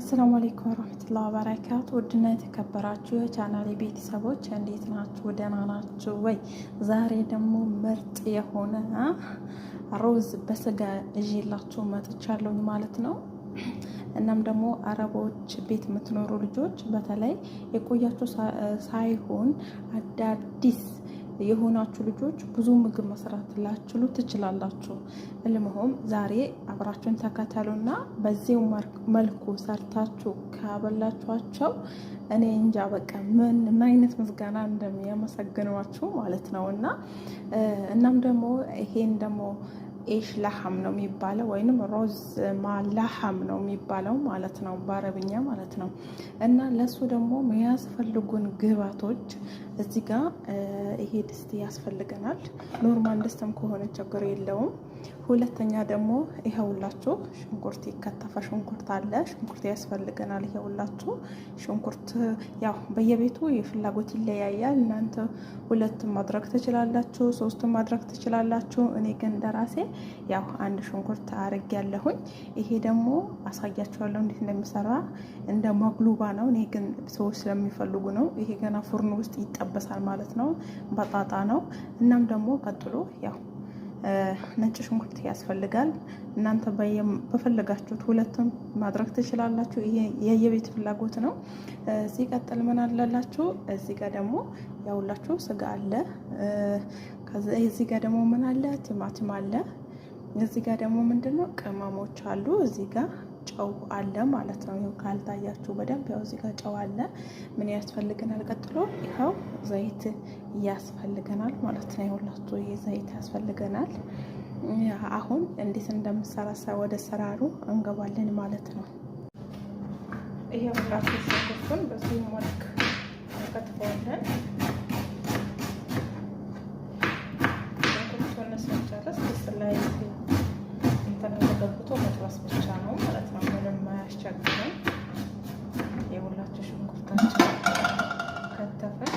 አሰላሙ አሌይኩም ወረህመቱላሂ ወበረካቱ። ውድና የተከበራችሁ የቻናሌ ቤተሰቦች እንዴት ናችሁ? ደህና ናችሁ ወይ? ዛሬ ደግሞ ምርጥ የሆነ ሩዝ በስጋ እዤላችሁ መጥቻለሁ ማለት ነው። እናም ደግሞ አረቦች ቤት የምትኖሩ ልጆች በተለይ የቆያችሁ ሳይሆን አዳዲስ የሆናችሁ ልጆች ብዙ ምግብ መስራት ላችሉ ትችላላችሁ። ልመሆም ዛሬ አብራችሁን ተከተሉና በዚህ መልኩ ሰርታችሁ ካበላችኋቸው እኔ እንጃ በቃ ምን ምን አይነት ምስጋና እንደሚያመሰግኗችሁ ማለት ነው እና እናም ደግሞ ይሄን ደግሞ ኤሽ ላሐም ነው የሚባለው ወይንም ሮዝ ማላሐም ነው የሚባለው ማለት ነው፣ በአረብኛ ማለት ነው። እና ለሱ ደግሞ የሚያስፈልጉን ግባቶች እዚህ ጋር ይሄ ድስት ያስፈልገናል። ኖርማል ድስትም ከሆነ ችግር የለውም። ሁለተኛ ደግሞ ይኸውላችሁ ሽንኩርት ይከተፈ ሽንኩርት አለ። ሽንኩርት ያስፈልገናል። ይኸውላችሁ ሽንኩርት ያው በየቤቱ የፍላጎት ይለያያል። እናንተ ሁለቱም ማድረግ ትችላላችሁ፣ ሶስቱም ማድረግ ትችላላችሁ። እኔ ግን እንደራሴ ያው አንድ ሽንኩርት አርግ ያለሁኝ። ይሄ ደግሞ አሳያችኋለሁ እንዴት እንደሚሰራ እንደ ማግሉባ ነው። እኔ ግን ሰዎች ስለሚፈልጉ ነው። ይሄ ገና ፉርን ውስጥ ይጠበሳል ማለት ነው። በጣጣ ነው። እናም ደግሞ ቀጥሎ ያው ነጭ ሽንኩርት ያስፈልጋል። እናንተ በፈለጋችሁት ሁለቱም ማድረግ ትችላላችሁ። የየቤት ፍላጎት ነው። ሲቀጥል ምን አለላችሁ? እዚህ ጋር ደግሞ ያውላችሁ ስጋ አለ። እዚህ ጋር ደግሞ ምን አለ? ቲማቲም አለ። እዚህ ጋር ደግሞ ምንድን ነው ቅመሞች አሉ። እዚህ ጋር ጨው አለ ማለት ነው። ይኸው ካልታያችሁ በደንብ ያው እዚህ ጋር ጨው አለ። ምን ያስፈልገናል? ቀጥሎ ይኸው ዘይት ያስፈልገናል ማለት ነው። ይኸውላችሁ ይሄ ዘይት ያስፈልገናል። አሁን እንዴት እንደምሰራሳ ወደ ሰራሩ እንገባለን ማለት ነው። ይሄ ራሱ ሽንኩርቱን በዚህ መልክ እንከትፈዋለን። ሽንኩርቱን ስንጨርስ ላይ እንትን ተገብቶ መጥበስ ብቻ ነው ማለት ነው። ምንም አያስቸግርም። የሁላችሁ ሽንኩርታችን ከተፈን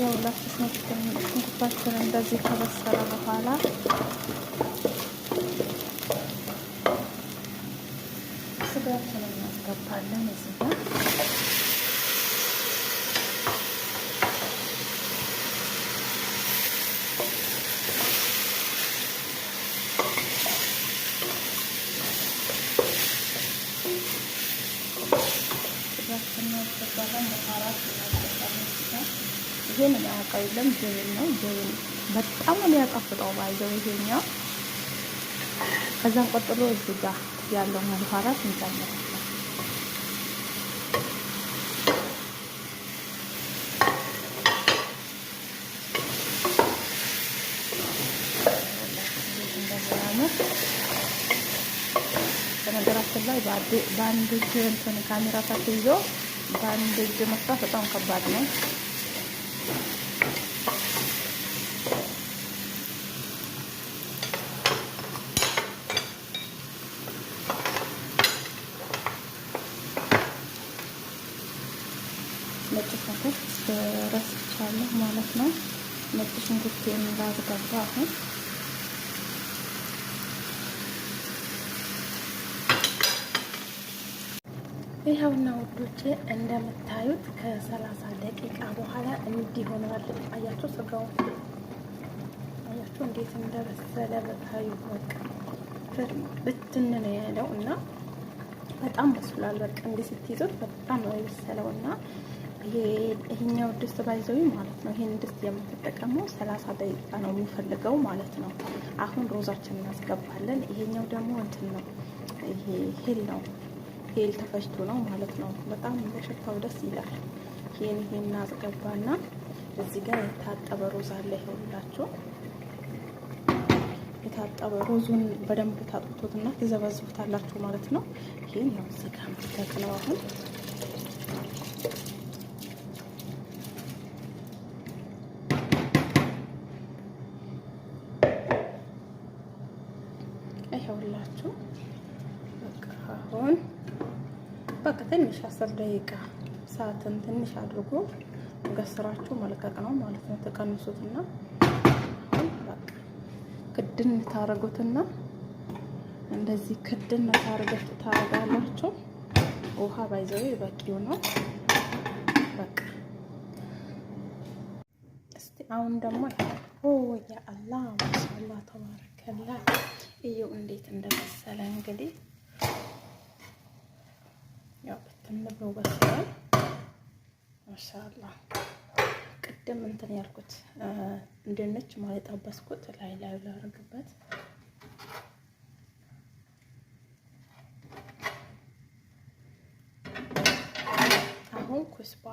የሁላችሁ ሽንኩርታችን እንደዚህ ከበሰለ በኋላ ስጋችንን እናስገባለን እዚህ ጋር ይሄን ያቀርለም ጆይን ነው። ጆይን በጣም ነው የሚያጣፍጠው ባይዘው ይሄኛው። ከዛም ቀጥሎ እዚህ ጋር ያለውን በኋላ እንጨምር። በነገራችን ላይ በአንድ እጅ እንትን ካሜራ ታትይዞ በአንድ እጅ መስራት በጣም ከባድ ነው። ነጭ ሽንኩርት ረስቻለሁ ማለት ነው። ነጭ ሽንኩርት የሚባል አሁን ይኸውና ውዶቼ እንደምታዩት ከሰላሳ ደቂቃ በኋላ እንዲህ ሆኗል። አያችሁ ስጋው አያችሁ እንዴት እንደበሰለ በታዩ በቃ ብትን ነው ያለው እና በጣም በስሏል። በቃ እንዲህ ስትይዙት በጣም ነው የበሰለው እና ይሄኛው ድስት ባይዘዊ ማለት ነው። ይሄን ድስት የምትጠቀመው ሰላሳ ደቂቃ ነው የሚፈልገው ማለት ነው። አሁን ሮዛችን እናስገባለን። ይሄኛው ደግሞ እንትን ነው፣ ይሄ ሄል ነው ሄል ተፈጭቶ ነው ማለት ነው። በጣም በሽታው ደስ ይላል። ይሄን ይሄን እናስገባና እዚህ ጋር የታጠበ ሩዝ አለ። ይኸውላችሁ የታጠበ ሩዙን በደንብ ታጥቶትና ትዘበዝቡታላችሁ ማለት ነው። ይሄን ነው እዚህ ጋር መስጠት ነው አሁን ይኸውላችሁ ደቂቃ አሁን በቃ ትንሽ አስር ደቂቃ ሰዓትን ትንሽ አድርጎ ገስራችሁ መልቀቅ ነው ማለት ነው። ተቀንሱትና አሁን በቃ ክድን ታረጉትና እንደዚህ ክድን ታረጋችሁ ታረጋላችሁ። ውሃ ባይዘው በቂው ነው። በቃ እስቲ አሁን ደግሞ ኦ ያ አላህ ማሻአላህ ተባረከላ እዩ እንዴት እንደመሰለ እንግዲህ ብሎ በስሏል። ማሻአላ ቅድም እንትን ያልኩት እንድንች ማለት አበስኩት ላይ ላይ ላደርግበት አሁን ኩስባ